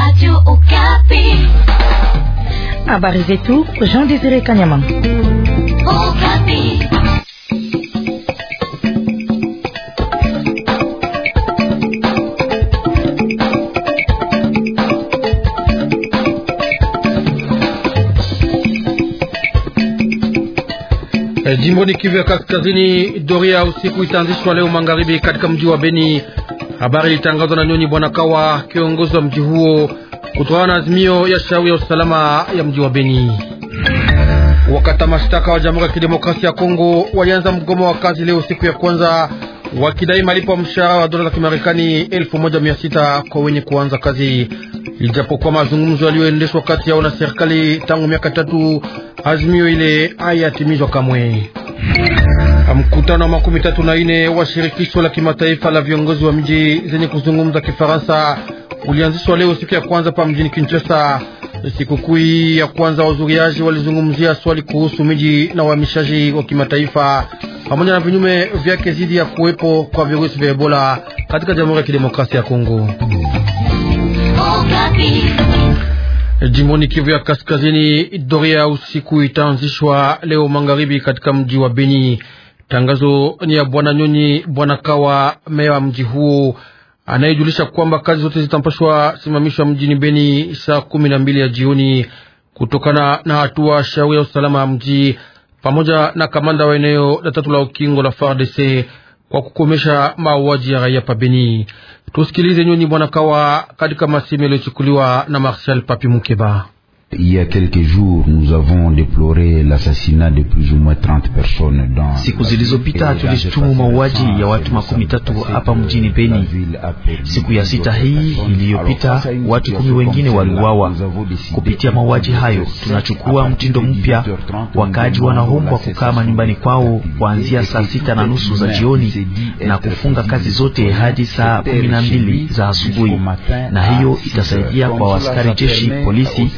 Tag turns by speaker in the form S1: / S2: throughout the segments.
S1: Radio Okapi. Habari zetu Jean Desire Kanyama. Okapi.
S2: Eh, jimboni Kivu ya Kaskazini, doria usiku itaanzishwa leo magharibi katika mji wa Beni Habari ilitangazwa na Nyonyi Bwana Kawa, kiongozi wa mji huo, kutokana na azimio ya shauri ya usalama ya mji wa Beni. Wakata mashtaka wa Jamhuri ya Kidemokrasia ya Kongo walianza mgomo wa kazi leo siku ya kwanza, wakidai malipo ya mshahara wa dola za Kimarekani 1600 kwa wenye kuanza kazi, ijapokuwa mazungumzo yaliyoendeshwa kati yao na serikali tangu miaka tatu, azimio ile hayatimizwa kamwe. Mkutano wa makumi tatu na ine wa shirikisho la kimataifa la viongozi wa mji zenye kuzungumza Kifaransa ulianzishwa leo siku ya kwanza pa mjini Kinshasa. Sikukuu ya kwanza wazuriaji walizungumzia swali kuhusu miji na uhamishaji wa kimataifa pamoja na vinyume vyake dhidi ya kuwepo kwa virusi vya Ebola katika Jamhuri ya Kidemokrasia ya Kongo. Jimboni Kivu ya Kaskazini, doria usiku itaanzishwa leo magharibi katika mji wa Beni. Tangazo ni ya bwana Nyonyi bwana Kawa, meya wa mji huo anayejulisha kwamba kazi zote zitampashwa simamishwa mjini Beni saa kumi na mbili ya jioni kutokana na hatua shauri ya usalama ya mji pamoja na kamanda wa eneo la tatu la ukingo la FARDC kwa kukomesha mauaji ya raia pabeni. Tusikilize Nyonyi bwana Kawa katika masimu yaliyochukuliwa na Marshal Papi Mukeba.
S3: Il y a quelques jours, nous avons déploré l'assassinat de plus ou moins 30 personnes dans Siku zilizopita tulishtumu mauaji ya watu makumi tatu hapa mjini Beni. Siku ya sita hii iliyopita, watu kumi wengine waliuawa. Kupitia mauaji hayo, tunachukua mtindo mpya. Wakaaji wanaombwa kukaa manyumbani kwao kuanzia saa sita na nusu za jioni na kufunga kazi zote hadi saa kumi na mbili za asubuhi, na hiyo itasaidia kwa askari jeshi, polisi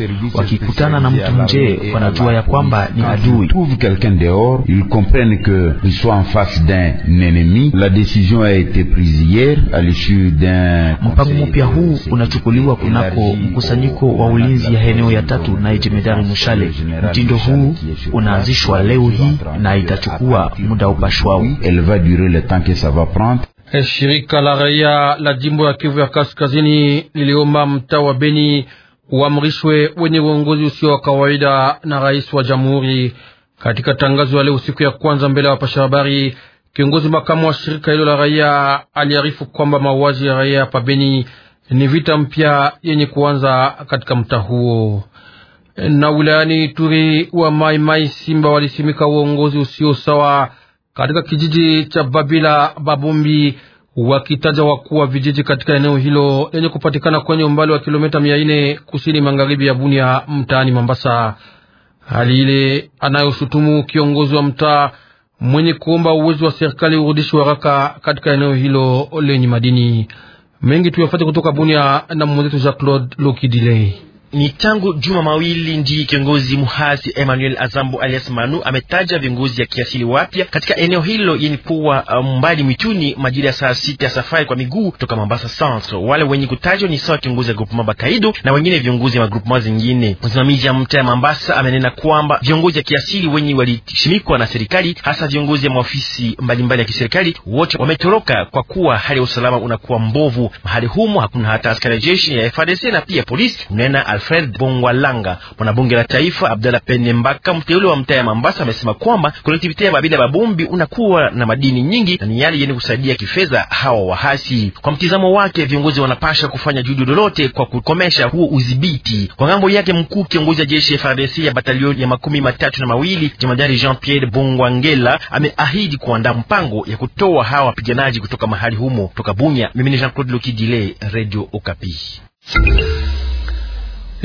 S3: wakikutana na mtu nje wanajua ya kwamba ni adui. Trouve quelqu'un dehors ils comprennent que ils sont en face d'un ennemi. La décision a été prise hier à l'issue d'un. Mpango mpya huu unachukuliwa kunako mkusanyiko wa ulinzi ya eneo ya tatu na jemedari Mushale. Mtindo huu unaanzishwa leo hii na itachukua muda upashwao. Elle va durer le temps que ça va prendre.
S2: Eh, shirika la raia la jimbo ya Kivu ya Kaskazini liliomba mtaa wa Beni uamrishwe wenye uongozi usio wa kawaida na rais wa jamhuri. Katika tangazo ya leo siku ya kwanza mbele ya wapasha habari, kiongozi makamu wa shirika hilo la raia aliarifu kwamba mauaji ya raia pabeni ni vita mpya yenye kuanza katika mtaa huo. Na wilayani Turi wa Mai Mai Simba walisimika uongozi usio sawa katika kijiji cha Babila Babumbi wakitaja wakuu wa vijiji katika eneo hilo lenye kupatikana kwenye umbali wa kilomita mia nne kusini magharibi ya Bunia mtaani Mambasa. Hali ile anayoshutumu kiongozi wa mtaa mwenye kuomba uwezo wa serikali urudishi waraka katika eneo hilo lenye madini mengi. Tuyafate kutoka Bunia na mwenzetu Jean Claude Lokidile. Ni tangu juma mawili ndiye kiongozi muhasi Emmanuel Azambo
S3: alias Manu ametaja viongozi ya kiasili wapya katika eneo hilo yenye kuwa uh, mbali mwituni majira ya saa sita ya safari kwa miguu toka Mombasa Centre. Wale wenye kutajwa ni sawa kiongozi ya groupement Bakaido na wengine viongozi ya magroupement zingine. Msimamizi ya mtaa ya Mombasa amenena kwamba viongozi ya kiasili wenye walishimikwa na serikali, hasa viongozi ya maofisi mbalimbali ya kiserikali, wote wametoroka kwa kuwa hali ya usalama unakuwa mbovu mahali humo. Hakuna hata askari jeshi ya FARDC na pia polisi unena Fred Bongwalanga. Mwanabunge la taifa Abdalla Penembaka, mteule wa mtaa ya Mambasa, amesema kwamba kolektivite ya Babila Babumbi unakuwa na madini nyingi na ni yale yenye kusaidia kifedha hawa wahasi. Kwa mtizamo wake, viongozi wanapasha kufanya juhudi lolote kwa kukomesha huo udhibiti. Kwa ngambo yake, mkuu kiongozi ya jeshi FARDC ya batalioni ya makumi matatu na mawili jemadari Jean Pierre Bongwangela ameahidi kuandaa mpango ya kutoa hawa wapiganaji
S2: kutoka mahali humo. Toka Bunya, mimi ni Jean Claude Lokidile, Radio Okapi.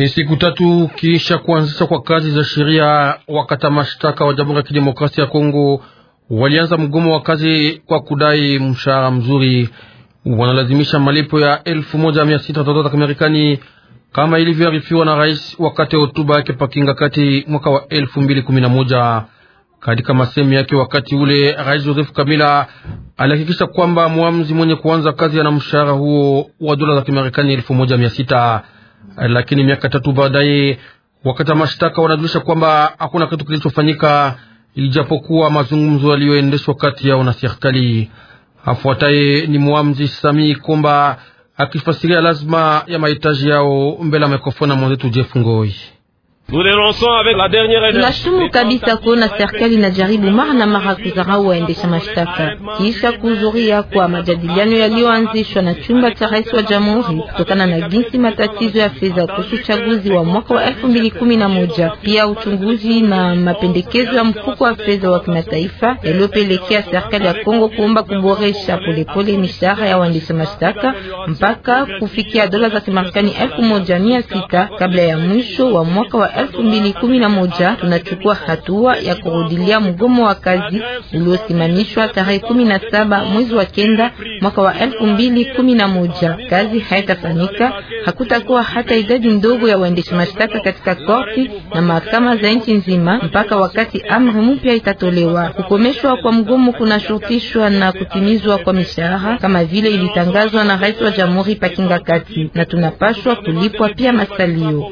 S2: Siku tatu kisha kuanzisha kwa kazi za sheria, wakata mashtaka wa Jamhuri ya Kidemokrasia ya Kongo walianza mgomo wa kazi kwa kudai mshahara mzuri. Wanalazimisha malipo ya elfu moja mia sita dola za kimarekani kama ilivyoarifiwa na rais wakati wa hotuba yake pakinga kati mwaka wa elfu mbili kumi na moja. Katika masemi yake wakati ule, rais Joseph Kabila alihakikisha kwamba mwamzi mwenye kuanza kazi ana mshahara huo wa dola za Kimarekani elfu moja mia sita lakini miaka tatu baadaye wakata mashtaka wanajulisha kwamba hakuna kitu kilichofanyika, ijapokuwa mazungumzo yaliyoendeshwa kati yao na serikali. Afuataye ni mwamzi Sami Komba akifasiria lazima ya mahitaji yao mbele ya mikrofoni mwenzetu Jeff Ngoi.
S1: Tunashutumu kabisa kuona serikali inajaribu mara na mara kudharau waendesha mashtaka kisha kuhudhuria kwa majadiliano yaliyoanzishwa na chumba cha rais wa jamhuri kutokana na jinsi matatizo ya fedha kuhusu uchaguzi wa mwaka wa elfu mbili kumi na moja pia uchunguzi na mapendekezo ya mfuko wa fedha wa kimataifa yaliyopelekea serikali ya Kongo kuomba kuboresha polepole mishahara ya waendesha mashtaka mpaka kufikia dola za Kimarekani elfu moja mia sita kabla ya mwisho wa mwaka wa elfu mbili kumi na moja tunachukua hatua ya kurudilia mgomo wa kazi uliosimamishwa tarehe kumi na saba mwezi wa kenda mwaka wa elfu mbili kumi na moja. Kazi haitafanyika, hakutakuwa hata idadi ndogo ya waendesha mashtaka katika korti na mahakama za nchi nzima mpaka wakati amri mpya itatolewa. Kukomeshwa kwa mgomo kunashurutishwa na kutimizwa kwa mishahara kama vile ilitangazwa na rais wa jamhuri Pakinga Kati, na tunapashwa kulipwa pia masalio.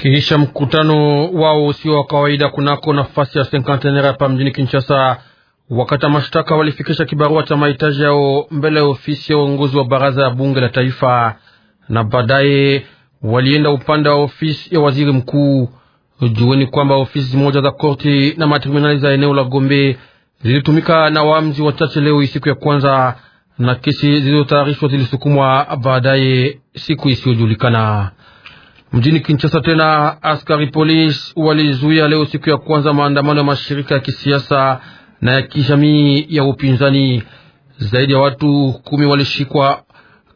S2: Kisha mkutano wao usio wa kawaida kunako nafasi ya Senkantenera hapa mjini Kinshasa, wakata mashtaka walifikisha kibarua cha mahitaji yao mbele ya ofisi ya uongozi wa baraza ya bunge la taifa, na baadaye walienda upande wa ofisi ya waziri mkuu. Jueni kwamba ofisi moja za korti na matribunali za eneo la Gombe zilitumika na waamzi wachache leo siku ya kwanza, na kesi zilizotayarishwa zilisukumwa baadaye siku isiyojulikana. Mjini Kinshasa tena askari polisi walizuia leo siku ya kwanza maandamano ya mashirika ya kisiasa na ya kijamii ya upinzani. Zaidi ya watu kumi walishikwa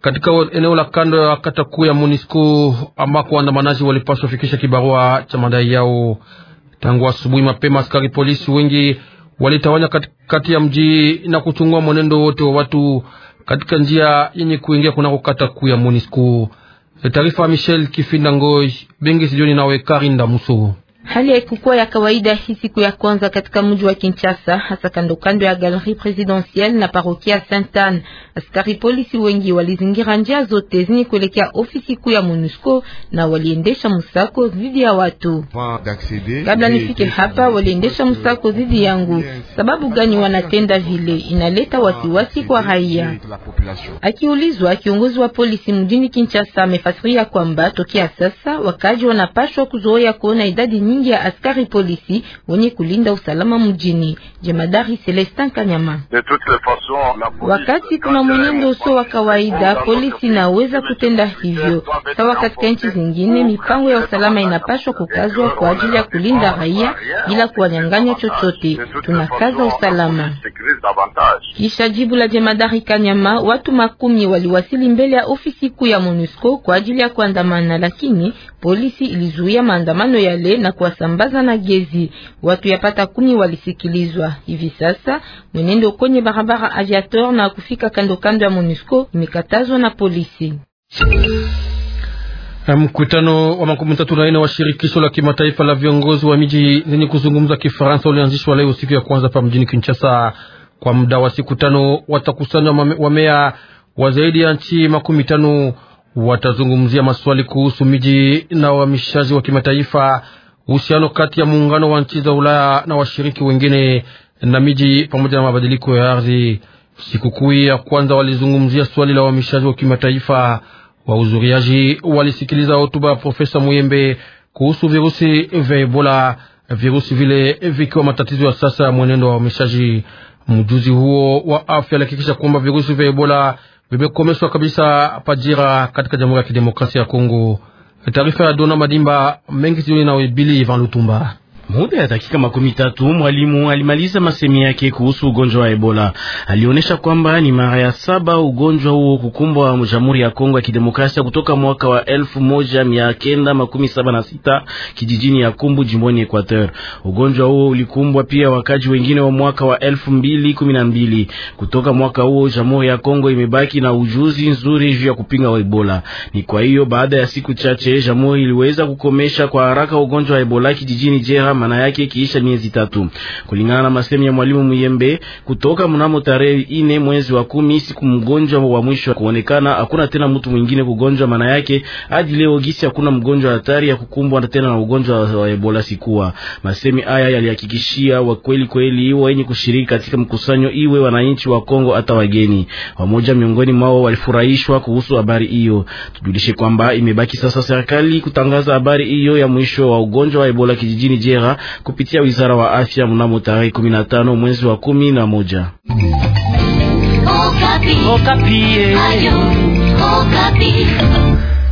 S2: katika eneo la kando ya kata kuu ya Monisco ambako waandamanaji walipaswa fikisha kibarua cha madai yao. Tangu asubuhi mapema, askari polisi wengi walitawanya kati ya mji na kuchungua mwenendo wote wa watu katika njia yenye kuingia kunako kata kuu ya Monisco. E taarifa Michel Kifinda Ngoi Bengi Sijoni nawe Karinda Muso.
S1: Hali haikukuwa ya kawaida hii siku ya kwanza katika mji wa Kinshasa, hasa kando kando ya Galerie Presidentielle na parokia Saint Anne. Askari polisi wengi walizingira njia zote zenye kuelekea ofisi kuu ya MONUSCO na waliendesha msako dhidi ya watu.
S3: Kabla nifike hapa,
S1: waliendesha msako dhidi yangu. Sababu gani wanatenda vile? Inaleta wasiwasi kwa raia. Akiulizwa, kiongozi wa polisi mjini Kinshasa amefasiria kwamba tokea sasa wakaji wanapashwa kuzoea kuona idadi mingi ya askari polisi wenye kulinda usalama mjini. Jemadari Celestin Kanyama: wakati kuna mwenendo usio wa kawaida, polisi inaweza kutenda hivyo. Sawa katika nchi zingine, mipango ya usalama inapaswa kukazwa kwa ajili ya kulinda raia bila kuwanyang'anya chochote. Tunakaza usalama. Kisha jibu la jemadari Kanyama, watu makumi waliwasili mbele ya ofisi kuu ya MONUSCO kwa ajili ya kuandamana, lakini polisi ilizuia maandamano yale na kwa kuwasambaza na gezi. Watu yapata kumi walisikilizwa hivi sasa. Mwenendo kwenye barabara Aviator na kufika kando kando ya MONUSCO imekatazwa na polisi.
S2: Mkutano wa makumi tatu na nne wa shirikisho la kimataifa la viongozi wa miji zenye kuzungumza Kifaransa ulianzishwa leo siku ya kwanza pa mjini Kinshasa. Kwa muda wa siku tano watakusanywa wamea wa zaidi ya nchi makumi tano watazungumzia maswali kuhusu miji na uhamishaji wa kimataifa uhusiano kati ya muungano wa nchi za Ulaya na washiriki wengine na miji pamoja na mabadiliko ya ardhi. Sikukuu ya kwanza walizungumzia swali la uhamishaji wa kimataifa. Wahudhuriaji walisikiliza hotuba ya Profesa Muyembe kuhusu virusi vya Ebola, virusi vile vikiwa matatizo ya sasa ya mwenendo wa uhamishaji. Mjuzi huo wa afya alihakikisha kwamba virusi vya Ebola vimekomeshwa kabisa Pajira, katika Jamhuri ya Kidemokrasia ya Kongo. Taarifa ya Dona Madimba mengi sioni na Bili Ivan Lutumba.
S3: Muda ya dakika makumi tatu mwalimu alimaliza masemi yake kuhusu ugonjwa wa Ebola. Alionyesha kwamba ni mara ya saba ugonjwa huo kukumbwa Jamhuri ya Kongo ya Kidemokrasia kutoka mwaka wa elfu moja mia kenda makumi saba na sita kijijini ya Kumbu jimboni Equateur. Ugonjwa huo ulikumbwa pia wakaji wengine wa mwaka wa elfu mbili kumi na mbili. Kutoka mwaka huo Jamhuri ya Kongo imebaki na ujuzi nzuri juu ya kupinga wa Ebola. Ni kwa hiyo baada ya siku chache Jamhuri iliweza kukomesha kwa haraka ugonjwa wa Ebola kijijini Jera maana yake kiisha miezi tatu, kulingana na masemi ya mwalimu Muyembe. Kutoka mnamo tarehe ine mwezi wa kumi, siku mgonjwa wa mwisho kuonekana, hakuna tena mtu mwingine kugonjwa, maana yake hadi leo gisi hakuna mgonjwa hatari ya kukumbwa tena na ugonjwa wa Ebola sikuwa. Masemi haya yalihakikishia wa kweli kweli wenye kushiriki katika mkusanyo, iwe wananchi wa Kongo hata wageni. Wamoja miongoni mwao walifurahishwa kuhusu habari hiyo. Tujulishe kwamba imebaki sasa serikali kutangaza habari hiyo ya mwisho wa ugonjwa wa Ebola kijijini Jera. Uvira kupitia wizara wa afya mnamo tarehe 15 mwezi wa kumi na moja. Okapi. Okapi. Eh. Ayo, Okapi.